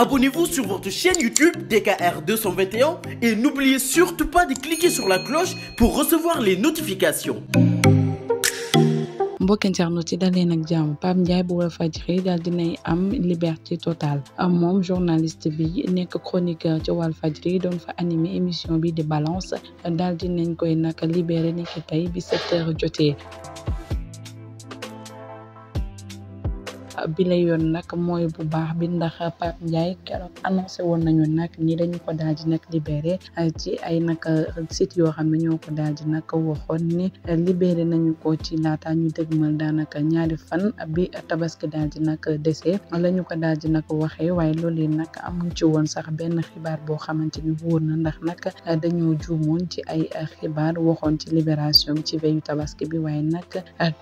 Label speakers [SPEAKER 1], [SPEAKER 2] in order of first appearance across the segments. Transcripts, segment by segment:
[SPEAKER 1] Abonnez-vous sur votre chaîne YouTube DKR 221 et n'oubliez surtout pas de cliquer sur la cloche pour recevoir les notifications.
[SPEAKER 2] mbokk internaute yi dalee nag jàmm Pape Ndiaye bu Walfadjri daal dinay am liberté totale moom journaliste bi nekk chroniqueur ci Walfadjri doon fa animé émission bi di balance daal dinañ koy naka libéré ni ki tey bi sept heures jotee. bi la yoon nag mooy bu baax bi ndax Pape Ndiaye keroog annoncé woon nañu nag nii dañu ko daal ji nag libéré eh, ci ay nag eh, site yoo xam ne ñoo ko daal di nag waxoon ni eh, libéré nañu ko ci laata ñu dégmal daanaka ñaari fan bi tabaski daal di nag dese la ñu ko daal di nag waxee waaye loolu yi nag amuñ ci woon sax benn xibaar boo xamante ni wóor na ndax nag dañoo juumoon ci ay xibaar waxoon ci libération ci veyu tabaski bi waaye nag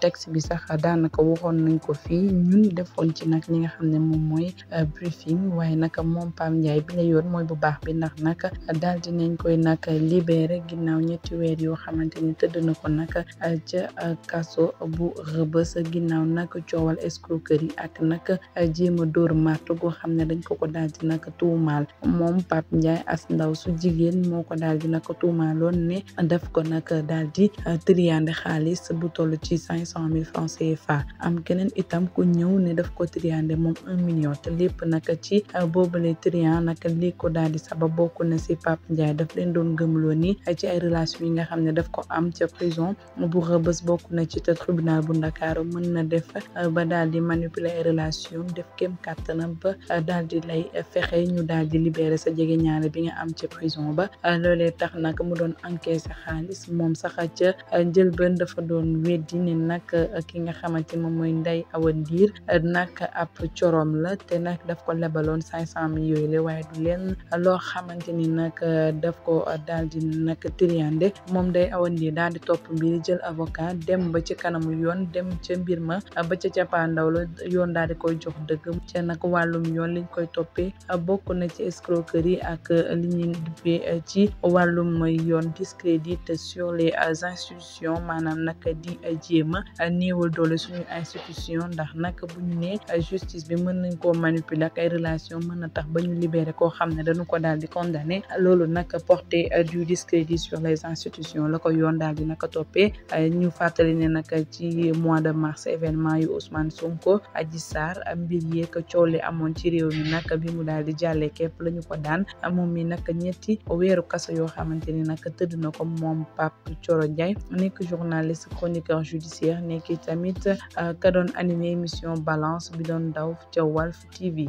[SPEAKER 2] texte bi sax daanaka waxoon nañ ko fii ñun defoon ci nag li nga xam ne moom mooy euh, briefing waaye nag moom Pam Ndiaye bi la yoon mooy bu baax bi ndax nag daal di nañ koy nag libéré ginnaaw ñetti weer yoo xamante ni tëdd na ko nag euh, ca euh, kaso bu rëbës ginnaaw nag coowal escroquerie ak nag jéem a dóor màtt goo xam ne dañ ko ko daal di nag tuumaal moom Pape Ndiaye as ndaw su jigéen moo ko daal di nag tuumaaloon ne def ko nag daal di triande xaalis bu toll ci cinq cent mille francs CFA am keneen itam ku ñëw ne daf ko triandé moom un million te lépp naka ci euh, boobule trian naka lii ko daal di sabab bokk na si Pape Ndiaye daf leen doon gëmloo ni euh, ci ay relation yi nga xam ne daf ko am ca prison bu Rebeuss bokk na ci te tribunal bu Ndakaaru mën na def euh, ba daal di manipuler ay relation def kem kàttanam ba daal di lay fexe ñu daal di libérer sa jege ñaare bi nga am ca prison ba loolee tax nag mu doon encaisser xaalis moom sax a ca njëlbeen dafa doon weddi ne nag ki nga xamante moom mooy Ndeye Awa Ndiir nag ab corom la te nag daf ko lebaloon cinq cent mille yooyu la waaye du leen loo xamante ni nag euh, daf ko euh, daal di nag triande moom day awandi daal di topp mbiri jël avocat dem ba ci kanamu yoon dem ca mbir ma ba ca cappaandaw la yoon daal di koy jox dëgg ca nag wàllum yoon liñ koy toppee bokk na ci escroquerie ak li ñuy duppee euh, ci wàllum yoon discrédit sur les institutions maanaam nag di jéema néewal doole suñu institution ndax nag bu ñu nekk justice bi mën nañ koo manipuler ak ay relation mën na tax ba ñu libéré koo xam ne dañu ko daal di condamné loolu nag porté euh, du discrédit sur les institutions la ko yoon daal di naka toppee euh, ñu fàttali ne nag ci mois de mars événement yu Ousmane Sonko Adji Sarr mbir yeeg coow li amoon ci réew mi nag bi mu daal di jàllee képp la ñu ko daan moom mi nag ñetti weeru kaso yoo xamante ni nag tëdd na ko moom Pape Thioro Ndiaye nekk journaliste chroniqueur judiciaire nekk tamit euh, ka doon animé émission ba balance bi doon daw ca Walf TV.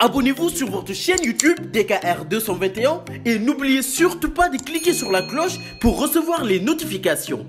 [SPEAKER 1] Abonnez-vous sur votre chaîne YouTube DKR et n'oubliez surtout pas de cliquer sur la cloche pour recevoir les notifications.